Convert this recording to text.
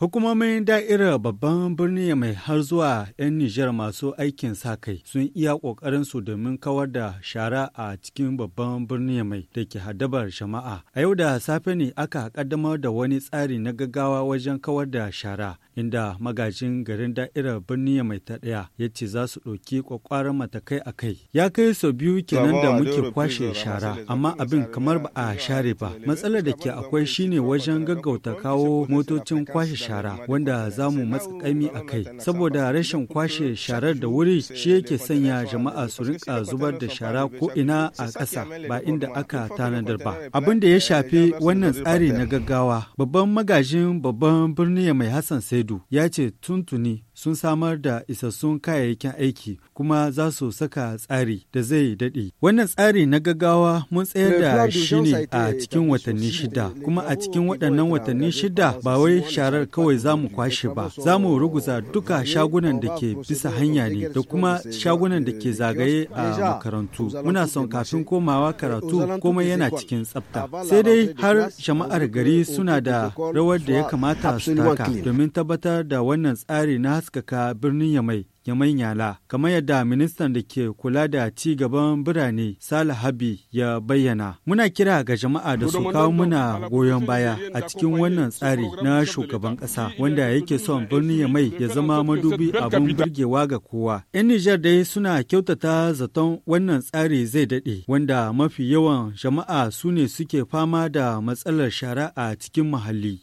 Hukumomin da'irar babban birni mai har zuwa 'yan Nijar masu aikin sa-kai sun iya ƙoƙarinsu domin kawar da shara a cikin babban birni mai da ke hadabar jama'a. A yau da safe ne aka ƙaddamar da wani tsari na gaggawa wajen kawar da shara, inda magajin garin da'irar birni mai ta ɗaya ya ce za su ɗauki ƙwaƙwaran matakai a kai. Ya kai sau biyu kenan da muke kwashe shara, amma abin kamar ba a share ba. Matsalar da ke akwai shine wajen gaggauta kawo motocin kwashe shara. shara wanda za mu matsa kaimi a kai saboda rashin kwashe sharar da wuri shi yake sanya jama'a su rinka zubar da shara ko ina a ƙasa ba inda aka tanadar ba abin da ya shafi wannan tsari na gaggawa babban magajin babban birni mai hassan saidu ya ce tuntuni sun samar da isassun kayayyakin aiki kuma za su saka tsari da zai daɗe. Wannan tsari na gaggawa mun tsayar da shi ne a cikin watanni shida, kuma a cikin waɗannan watanni shida ba wai sharar kawai za mu kwashe ba, za mu ruguza duka shagunan da ke bisa hanya ne da kuma shagunan da ke zagaye a makarantu. Muna son kafin komawa karatu komai yana cikin tsafta. Sai dai har jama'ar gari suna da rawar da ya kamata su taka domin tabbatar da wannan tsari na haskaka birnin Yamai, Yamai Nyala, kamar yadda ministan da ke kula da ci gaban birane Sale Habi ya bayyana. Muna kira ga jama'a da su kawo muna goyon baya a cikin wannan tsari na shugaban kasa wanda yake son birnin Yamai ya zama madubi abin burgewa ga kowa. 'Yan Nijar dai suna kyautata zaton wannan tsari zai daɗe, wanda mafi yawan jama'a su ne suke fama da matsalar shara a cikin muhalli.